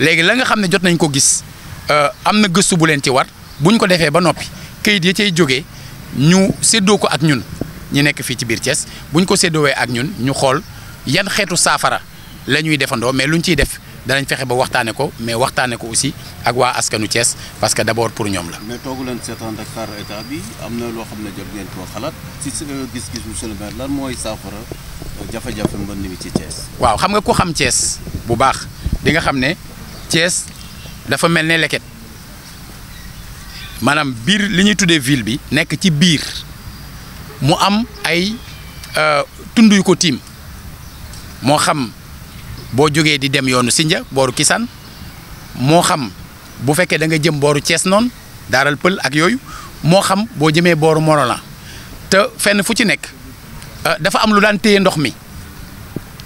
léegi la nga xam ne jot nañ ko gis euh, am na gëstu bu leen ci war buñ ko defee ba noppi kayit ya cay jógee ñu séddoo ko ak ñun ñu nekk fii ci biir Thiès buñ ko séddoowee ak ñun ñu xool yan xeetu saafara la ñuy defandoo mais luñ ciy def danañ fexe ba waxtaane ko mais waxtaane ko aussi ak waa askanu cees parce que d'abord pour ñoom la. mais toogu leen seetaan ak xaar état bi am na loo xam ne jot ngeen koo xalaat si sa gis-gis monsieur le maire lan mooy saafara euh, jafe-jafe mbënd mi ci Thiès. waaw xam nga ku xam cees bu baax di nga xam ne. cees dafa mel ne leket maanaam biir li ñuy tuddee ville bi nekk ci biir mu am ay euh, tund yu ko tiim moo xam boo jógee di dem yoonu Sinja booru Kisaan moo xam bu fekkee da nga jëm booru cees noonu daaral pël ak yooyu moo xam boo jëmee booru morola te fenn fu ci nekk euh, dafa am lu daan téye ndox mi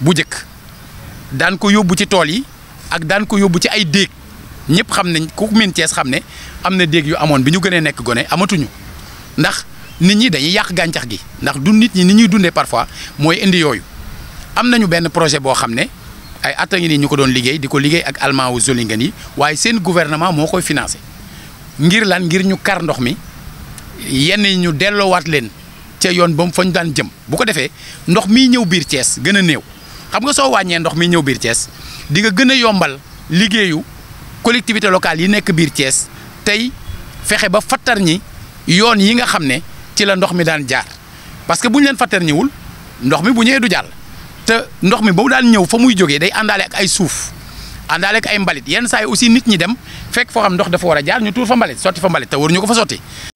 bu njëkk daan ko yóbbu ci tool yi ak daan ko yóbbu ci ay déeg ñëpp xam nañ ku miin Cees xam ne am na déeg yu amoon bi ñu gënee nekk gone amatuñu ndax nit ñi dañuy yàq gàncax gi ndax du nit ñi ni ñuy dundee parfois mooy indi yooyu am nañu benn projet boo xam ne ay at a ñu ko doon liggéey di ko liggéey ak allemand wu Solingen yi waaye seen gouvernement moo koy financé ngir lan ngir ñu kar ndox mi yenn yi ñu delloowaat leen ca yoon ba fa ñu daan jëm bu ko defee ndox miy ñëw biir Thiès gën a néew xam nga soo wàññee ndox miy ñëw biir Thiès di nga gën a yombal liggéeyu collectivité locale yi nekk biir cees tey fexe ba fattar ñi yoon yi nga xam ne ci la ndox mi daan jaar parce que bu ñu leen fattar ñiwul ndox mi bu ñëwee du jàll te ndox mi ba mu daan ñëw fa muy jógee day àndaale ak ay suuf àndaale ak ay mbalit yenn saa yi aussi nit ñi dem fekk foo xam ndox dafa war a jaar ñu tuur fa mbalit sotti fa mbalit te waruñu ko fa sotti